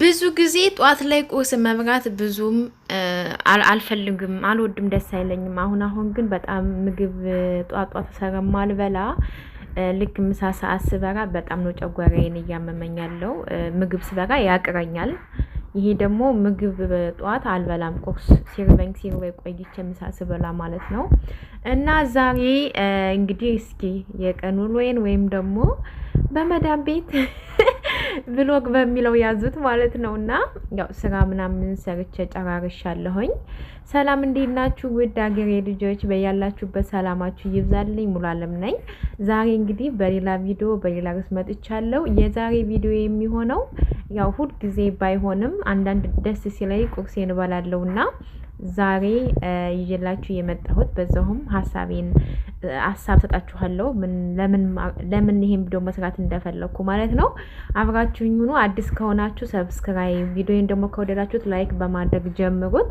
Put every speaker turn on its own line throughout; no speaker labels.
ብዙ ጊዜ ጧት ላይ ቁርስ መብራት ብዙም አልፈልግም፣ አልወድም፣ ደስ አይለኝም። አሁን አሁን ግን በጣም ምግብ ጧት ጧት አልበላ ልክ ምሳ ሰዓት ስበራ በጣም ነው ጨጓራዬን እያመመኝ ያለው። ምግብ ስበራ ያቅረኛል። ይሄ ደግሞ ምግብ ጠዋት አልበላም። ቁርስ ሲርበኝ ሲርበኝ ቆይቼ ምሳ ስበላ ማለት ነው። እና ዛሬ እንግዲህ እስኪ የቀኑን ወይን ወይም ደግሞ በመዳም ቤት ብሎግ በሚለው ያዙት ማለት ነው። እና ያው ስራ ምናምን ሰርቼ ጨራርሻለሁኝ። ሰላም እንዴት ናችሁ? ውድ አገሬ ልጆች በያላችሁበት ሰላማችሁ ይብዛልኝ። ሙሉ አለም ነኝ። ዛሬ እንግዲህ በሌላ ቪዲዮ በሌላ ርዕስ መጥቻለሁ። የዛሬ ቪዲዮ የሚሆነው ያው ሁልጊዜ ባይሆንም አንዳንድ ደስ ሲለኝ ቁርሴ እበላለሁና ዛሬ ይዤላችሁ የመጣሁት በዛውም ሀሳቤን ሀሳብ ሰጣችኋለሁ፣ ለምን ይሄን ቪዲዮ መስራት እንደፈለግኩ ማለት ነው። አብራችሁኝ ሁኑ። አዲስ ከሆናችሁ ሰብስክራይብ፣ ቪዲዮን ደግሞ ከወደዳችሁት ላይክ በማድረግ ጀምሩት።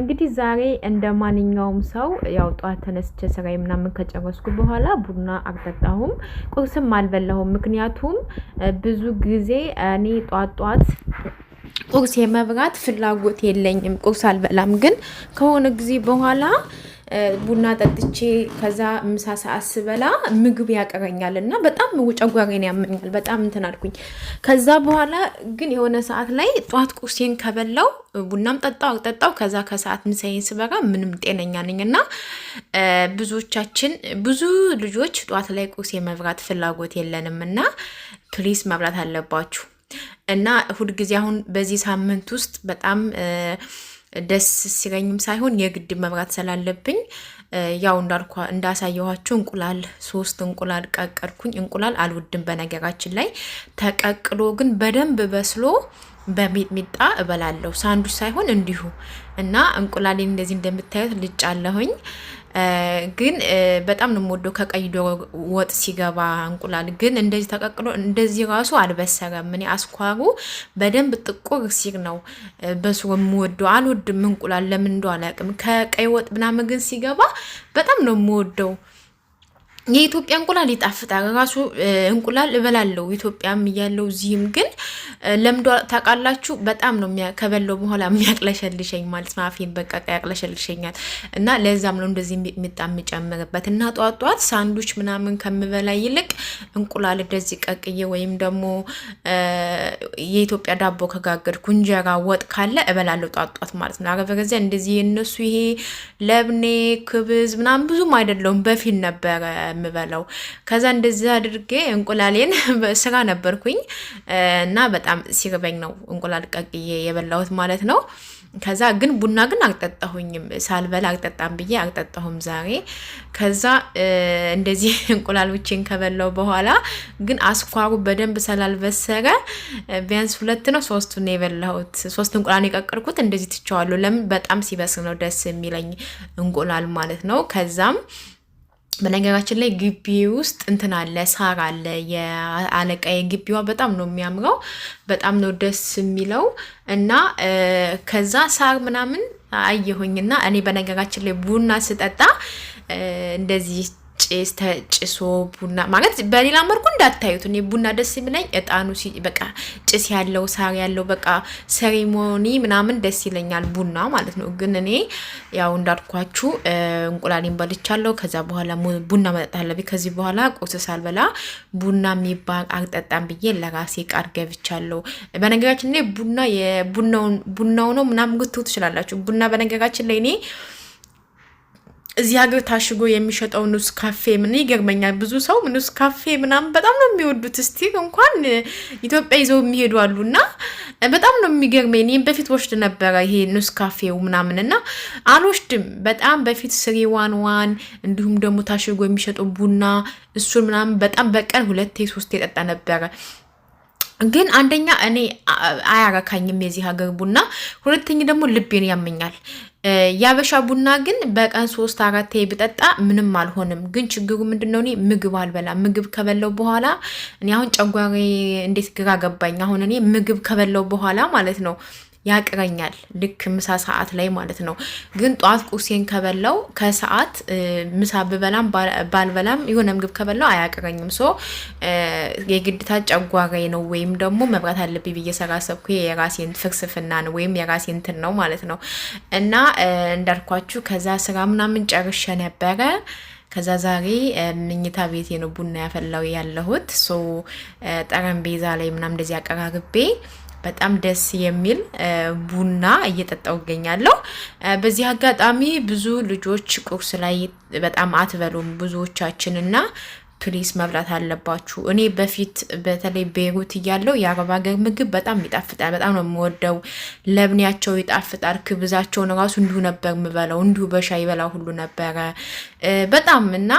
እንግዲህ ዛሬ እንደ ማንኛውም ሰው ያው ጠዋት ተነስቼ ስራዬ ምናምን ከጨረስኩ በኋላ ቡና አልጠጣሁም፣ ቁርስም አልበላሁም። ምክንያቱም ብዙ ጊዜ እኔ ጧት ጧት ቁርስ የመብራት ፍላጎት የለኝም። ቁርስ አልበላም። ግን ከሆነ ጊዜ በኋላ ቡና ጠጥቼ ከዛ ምሳ ሰዓት ስበላ ምግብ ያቀረኛል እና በጣም ጨጓራዬን ያመኛል። በጣም እንትን አልኩኝ። ከዛ በኋላ ግን የሆነ ሰዓት ላይ ጠዋት ቁርሴን ከበላው ቡናም ጠጣው አልጠጣው ከዛ ከሰዓት ምሳዬን ስበራ ምንም ጤነኛ ነኝ እና ብዙዎቻችን ብዙ ልጆች ጠዋት ላይ ቁርስ የመብራት ፍላጎት የለንም እና ፕሊስ መብላት አለባችሁ። እና እሁድ ጊዜ አሁን በዚህ ሳምንት ውስጥ በጣም ደስ ሲለኝም ሳይሆን የግድ መብራት ስላለብኝ ያው እንዳልኳ እንዳሳየኋችሁ እንቁላል ሶስት እንቁላል ቀቀድኩኝ። እንቁላል አልወድም በነገራችን ላይ ተቀቅሎ ግን በደንብ በስሎ በሚጥሚጣ እበላለሁ። ሳንዱች ሳይሆን እንዲሁ እና እንቁላሌን እንደዚህ እንደምታዩት ልጫለሁኝ። ግን በጣም ነው የምወደው ከቀይ ዶሮ ወጥ ሲገባ እንቁላል። ግን እንደዚህ ተቀቅሎ እንደዚህ ራሱ አልበሰረም። እኔ አስኳሩ በደንብ ጥቁር ሲር ነው በሱ የምወደው። አልወድም እንቁላል ለምን እንደው አላውቅም። ከቀይ ወጥ ምናምን ግን ሲገባ በጣም ነው የምወደው። የኢትዮጵያ እንቁላል ይጣፍጣል። ራሱ እንቁላል እበላለሁ ኢትዮጵያም ያለው እዚህም ግን ለምዶ ታውቃላችሁ። በጣም ነው ከበለው በኋላ የሚያቅለሸልሸኝ ማለት ማፌን በቃ ያቅለሸልሸኛል። እና ለዛም ነው እንደዚህ የሚጣም ጨምርበት እና ጧት ጧት ሳንዱች ምናምን ከምበላ ይልቅ እንቁላል እንደዚህ ቀቅዬ ወይም ደግሞ የኢትዮጵያ ዳቦ ከጋገድኩ እንጀራ ወጥ ካለ እበላለሁ ጧት ጧት ማለት ነው። አረበረዚያ እንደዚህ የእነሱ ይሄ ለብኔ ክብዝ ምናምን ብዙም አይደለውም በፊት ነበረ የምበላው። ከዛ እንደዚህ አድርጌ እንቁላሌን ስራ ነበርኩኝ እና በጣም ሲርበኝ ነው እንቁላል ቀቅዬ የበላሁት ማለት ነው። ከዛ ግን ቡና ግን አልጠጣሁኝም፣ ሳልበላ አልጠጣም ብዬ አልጠጣሁም ዛሬ። ከዛ እንደዚህ እንቁላሎችን ከበላው በኋላ ግን አስኳሩ በደንብ ስላልበሰረ ቢያንስ ሁለት ነው ሶስቱ ነው የበላሁት። ሶስት እንቁላል የቀቀልኩት እንደዚህ ትቸዋለሁ። ለምን በጣም ሲበስር ነው ደስ የሚለኝ እንቁላል ማለት ነው። ከዛም በነገራችን ላይ ግቢ ውስጥ እንትን አለ፣ ሳር አለ። የአለቃዬ ግቢዋ በጣም ነው የሚያምረው፣ በጣም ነው ደስ የሚለው እና ከዛ ሳር ምናምን አየሁኝና እኔ በነገራችን ላይ ቡና ስጠጣ እንደዚህ ጭስ ተጭሶ ቡና ማለት በሌላ መልኩ እንዳታዩት። እኔ ቡና ደስ የሚለኝ እጣኑ በቃ ጭስ ያለው ሳር ያለው በቃ ሴሪሞኒ ምናምን ደስ ይለኛል፣ ቡና ማለት ነው። ግን እኔ ያው እንዳልኳችሁ እንቁላሌን በልቻለሁ። ከዛ በኋላ ቡና መጠጣ አለብኝ። ከዚህ በኋላ ቁርስ ሳልበላ ቡና የሚባል አልጠጣም ብዬ ለራሴ ቃል ገብቻለሁ። በነገራችን ቡና የቡናው ነው ምናምን ግትሩ ትችላላችሁ። ቡና በነገራችን ላይ እኔ እዚህ ሀገር ታሽጎ የሚሸጠው ኑስ ካፌ ምን ይገርመኛል። ብዙ ሰው ኑስ ካፌ ምናምን በጣም ነው የሚወዱት። እስቲ እንኳን ኢትዮጵያ ይዘው የሚሄዱ አሉ እና በጣም ነው የሚገርመኝ። እኔም በፊት ወሽድ ነበረ ይሄ ኑስ ካፌው ምናምን እና አልወሽድም በጣም በፊት ስሪ ዋን ዋን እንዲሁም ደግሞ ታሽጎ የሚሸጠው ቡና እሱን ምናምን በጣም በቀን ሁለቴ ሶስቴ የጠጣ ነበረ። ግን አንደኛ እኔ አያረካኝም የዚህ ሀገር ቡና፣ ሁለተኛ ደግሞ ልቤን ያመኛል። ያበሻ ቡና ግን በቀን ሶስት አራት ብጠጣ ምንም አልሆንም። ግን ችግሩ ምንድን ነው? እኔ ምግብ አልበላ ምግብ ከበላው በኋላ እኔ አሁን ጨጓሬ እንዴት ግራ ገባኝ። አሁን እኔ ምግብ ከበላው በኋላ ማለት ነው ያቅረኛል። ልክ ምሳ ሰዓት ላይ ማለት ነው። ግን ጠዋት ቁርሴን ከበላው ከሰዓት ምሳ ብበላም ባልበላም የሆነ ምግብ ከበላው አያቅረኝም። ሶ የግድታ ጨጓራዬ ነው ወይም ደግሞ መብራት አለብኝ ብዬ ሰራሰብኩ የራሴን ፍርስፍና ነው ወይም የራሴ እንትን ነው ማለት ነው። እና እንዳልኳችሁ ከዛ ስራ ምናምን ጨርሼ ነበረ ከዛ ዛሬ ምኝታ ቤቴ ነው ቡና ያፈላው ያለሁት። ሶ ጠረጴዛ ላይ ምናምን እንደዚህ አቀራርቤ በጣም ደስ የሚል ቡና እየጠጣው እገኛለሁ። በዚህ አጋጣሚ ብዙ ልጆች ቁርስ ላይ በጣም አትበሉም ብዙዎቻችንና ፕሊስ መብላት አለባችሁ። እኔ በፊት በተለይ ቤሩት እያለው የአረብ ሀገር ምግብ በጣም ይጣፍጣል፣ በጣም ነው የምወደው። ለብኔያቸው ይጣፍጣል። ክብዛቸውን ራሱ እንዲሁ ነበር የምበለው፣ እንዲሁ በሻይ በላ ሁሉ ነበረ በጣም እና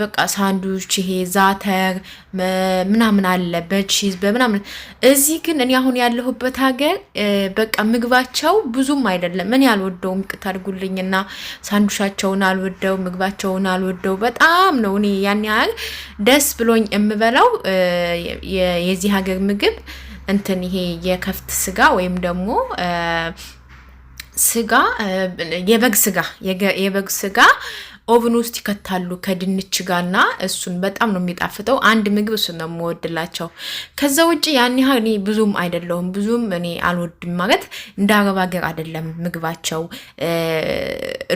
በቃ ሳንዱች ይሄ ዛተር ምናምን አለ በቺዝ በምናምን። እዚህ ግን እኔ አሁን ያለሁበት ሀገር በቃ ምግባቸው ብዙም አይደለም። እኔ አልወደውም፣ ይቅርታ አድርጉልኝና ሳንዱሻቸውን አልወደው፣ ምግባቸውን አልወደው በጣም ነው። እኔ ያን ያህል ደስ ብሎኝ የምበላው የዚህ ሀገር ምግብ እንትን ይሄ የከፍት ስጋ ወይም ደግሞ ስጋ የበግ ስጋ የበግ ስጋ ኦቭን ውስጥ ይከታሉ ከድንች ጋርና እሱን በጣም ነው የሚጣፍጠው። አንድ ምግብ እሱን ነው የምወድላቸው። ከዛ ውጭ ያን ያህል ብዙም አይደለሁም ብዙም እኔ አልወድም ማለት እንደ አረብ ሀገር አይደለም ምግባቸው።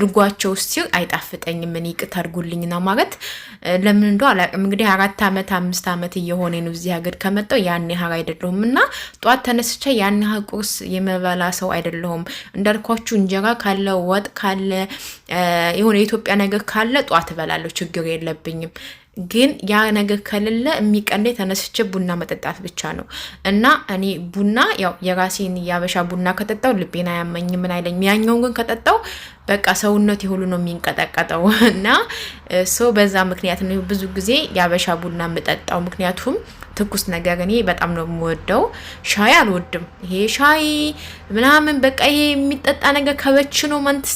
እርጓቸው ውስጥ አይጣፍጠኝም። እኔ ይቅርታ አድርጉልኝ ነው ማለት ለምን እንደው አላውቅም። እንግዲህ አራት ዓመት አምስት ዓመት እየሆነ ነው እዚህ ሀገር ከመጣሁ ያን ያህል አይደለሁም እና ጠዋት ተነስቼ ያን ያህል ቁርስ የመበላ ሰው አይደለሁም። እንዳልኳችሁ እንጀራ ካለ ወጥ ካለ የሆነ የኢትዮጵያ ነገር ነገር ካለ ጠዋት እበላለሁ፣ ችግር የለብኝም። ግን ያ ነገር ከሌለ የሚቀለኝ ተነስቼ ቡና መጠጣት ብቻ ነው እና እኔ ቡና ያው የራሴን ያበሻ ቡና ከጠጣው ልቤን አያመኝ ምን አይለኝ። ያኛውን ግን ከጠጣው በቃ ሰውነት የሁሉ ነው የሚንቀጠቀጠው እና ሰው በዛ ምክንያት ነው ብዙ ጊዜ የአበሻ ቡና የምጠጣው። ምክንያቱም ትኩስ ነገር እኔ በጣም ነው የምወደው። ሻይ አልወድም። ይሄ ሻይ ምናምን በቃ ይሄ የሚጠጣ ነገር ከበች ነው ማንት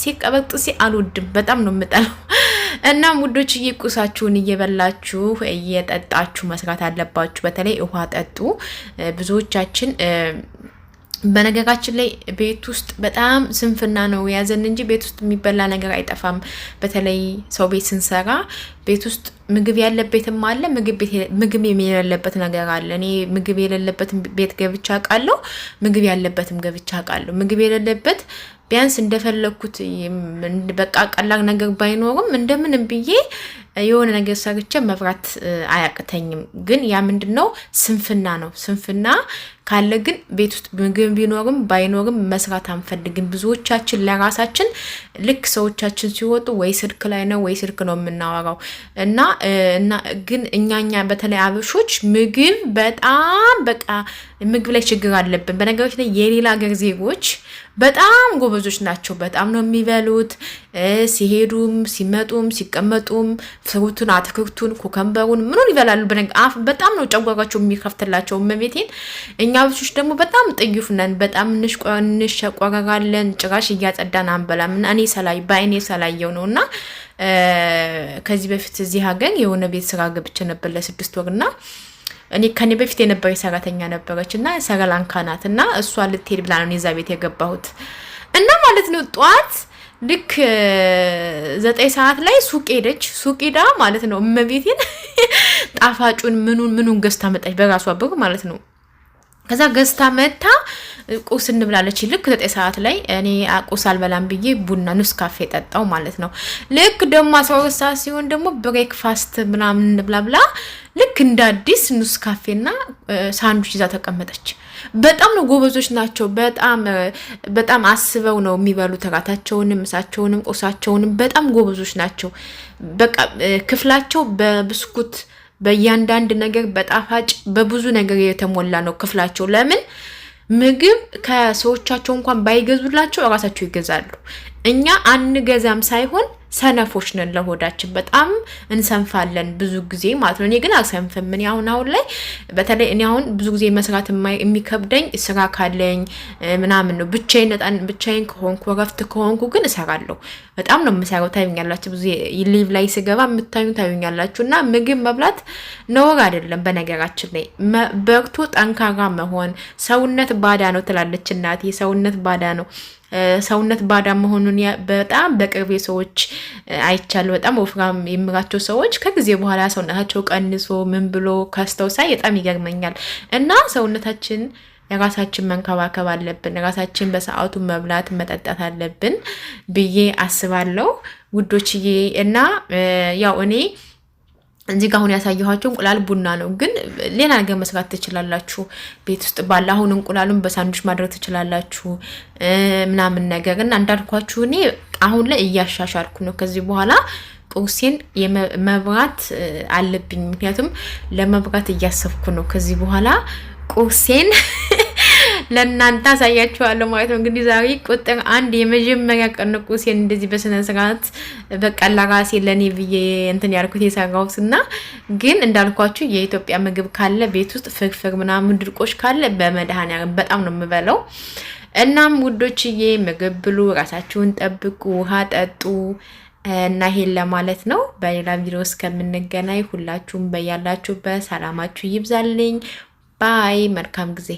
ሲ አልወድም። በጣም ነው የምጠላው። እና ሙዶች ቁሳችሁን እየበላችሁ እየጠጣችሁ መስራት አለባችሁ። በተለይ ውሃ ጠጡ። ብዙዎቻችን በነገራችን ላይ ቤት ውስጥ በጣም ስንፍና ነው የያዘን እንጂ ቤት ውስጥ የሚበላ ነገር አይጠፋም። በተለይ ሰው ቤት ስንሰራ ቤት ውስጥ ምግብ ያለበትም አለ፣ ምግብ የሌለበት ነገር አለ። እኔ ምግብ የሌለበት ቤት ገብቻ አውቃለሁ፣ ምግብ ያለበትም ገብቻ አውቃለሁ። ምግብ የሌለበት ቢያንስ እንደፈለግኩት በቃ ቀላል ነገር ባይኖርም እንደምንም ብዬ የሆነ ነገር ሰርቼ መብራት አያቅተኝም። ግን ያ ምንድን ነው ስንፍና ነው። ስንፍና ካለ ግን ቤት ውስጥ ምግብ ቢኖርም ባይኖርም መስራት አንፈልግም። ብዙዎቻችን ለራሳችን ልክ ሰዎቻችን ሲወጡ ወይ ስልክ ላይ ነው ወይ ስልክ ነው የምናወራው እና እና ግን እኛኛ በተለይ አበሾች ምግብ በጣም በቃ ምግብ ላይ ችግር አለብን። በነገሮች ላይ የሌላ ሀገር ዜጎች በጣም ጎበዞች ናቸው። በጣም ነው የሚበሉት ሲሄዱም ሲመጡም ሲቀመጡም ፍሩቱን፣ አትክልቱን፣ ኮከምበሩን ምኑን ይበላሉ። በጣም ነው ጨጓጓቸው የሚከፍትላቸው። መቤቴን እኛ ብሶች ደግሞ በጣም ጥዩፍ ነን። በጣም እንሸቆረራለን። ጭራሽ እያጸዳን አንበላም። እኔ ሰላይ በአይኔ ሰላየው ነው እና ከዚህ በፊት እዚህ ሀገር የሆነ ቤት ስራ ገብቼ ነበር ለስድስት ወር እና እኔ ከኔ በፊት የነበረ ሰራተኛ ነበረች እና ሰረላንካ ናት እና እሷ ልትሄድ ብላ ነው እኔ ቤት የገባሁት እና ማለት ነው ጠዋት ልክ ዘጠኝ ሰዓት ላይ ሱቅ ሄደች። ሱቅ ሄዳ ማለት ነው እመቤቴን ጣፋጩን ምኑን ምኑን ገዝታ መጣች፣ በራሷ ብር ማለት ነው። ከዛ ገዝታ መታ ቁርስ እንብላለች። ልክ ዘጠኝ ሰዓት ላይ እኔ ቁርስ አልበላም ብዬ ቡና ንስ ካፌ ጠጣው ማለት ነው። ልክ ደግሞ አስራ ሁለት ሰዓት ሲሆን ደግሞ ብሬክፋስት ምናምን እንብላ ብላ ልክ እንደ አዲስ ኑስ ካፌና ሳንዱች ይዛ ተቀመጠች። በጣም ነው ጎበዞች ናቸው። በጣም በጣም አስበው ነው የሚበሉት እራታቸውንም፣ ምሳቸውንም፣ ቁርሳቸውንም በጣም ጎበዞች ናቸው። በቃ ክፍላቸው በብስኩት በእያንዳንድ ነገር በጣፋጭ በብዙ ነገር የተሞላ ነው ክፍላቸው። ለምን ምግብ ከሰዎቻቸው እንኳን ባይገዙላቸው እራሳቸው ይገዛሉ። እኛ አንገዛም ሳይሆን ሰነፎች ነን፣ ለሆዳችን በጣም እንሰንፋለን ብዙ ጊዜ ማለት ነው። እኔ ግን አልሰንፍም። እኔ አሁን አሁን ላይ በተለይ እኔ አሁን ብዙ ጊዜ መስራት የሚከብደኝ ስራ ካለኝ ምናምን ነው። ብቻዬን ከሆንኩ እረፍት ከሆንኩ ግን እሰራለሁ። በጣም ነው የምሰራው። ታዩኛላችሁ፣ ብዙ ሊቭ ላይ ስገባ የምታዩ ታዩኛላችሁ። እና ምግብ መብላት ነውር አይደለም። በነገራችን ላይ በርቶ ጠንካራ መሆን ሰውነት ባዳ ነው ትላለች እናቴ። ሰውነት ባዳ ነው ሰውነት ባዳ መሆኑን በጣም በቅርቤ ሰዎች አይቻለሁ። በጣም ወፍራም የምላቸው ሰዎች ከጊዜ በኋላ ሰውነታቸው ቀንሶ ምን ብሎ ከስተው ሳይ በጣም ይገርመኛል። እና ሰውነታችን የራሳችን መንከባከብ አለብን። ራሳችን በሰዓቱ መብላት መጠጣት አለብን ብዬ አስባለሁ ውዶችዬ እና ያው እኔ እዚህ ጋር አሁን ያሳየኋቸው እንቁላል ቡና ነው፣ ግን ሌላ ነገር መስራት ትችላላችሁ። ቤት ውስጥ ባለ አሁን እንቁላሉን በሳንዱች ማድረግ ትችላላችሁ ምናምን ነገር እና እንዳልኳችሁ እኔ አሁን ላይ እያሻሻልኩ ነው። ከዚህ በኋላ ቁርሴን መብራት አለብኝ፣ ምክንያቱም ለመብራት እያሰብኩ ነው። ከዚህ በኋላ ቁርሴን ለእናንተ አሳያችኋለሁ ማለት ነው። እንግዲህ ዛሬ ቁጥር አንድ የመጀመሪያ ቀን ቁርሴን እንደዚህ በስነ ስርዓት በቀላ ራሴ ለእኔ ብዬ እንትን ያልኩት የሰራሁት እና ግን እንዳልኳችሁ የኢትዮጵያ ምግብ ካለ ቤት ውስጥ ፍርፍር ምናምን ድርቆች ካለ በመድኃኒዓለም በጣም ነው የምበለው። እናም ውዶችዬ ምግብ ብሉ፣ ራሳችሁን ጠብቁ፣ ውሃ ጠጡ እና ይሄን ለማለት ነው። በሌላ ቪዲዮ እስከምንገናኝ ሁላችሁም በያላችሁበት ሰላማችሁ ይብዛልኝ። ባይ። መልካም ጊዜ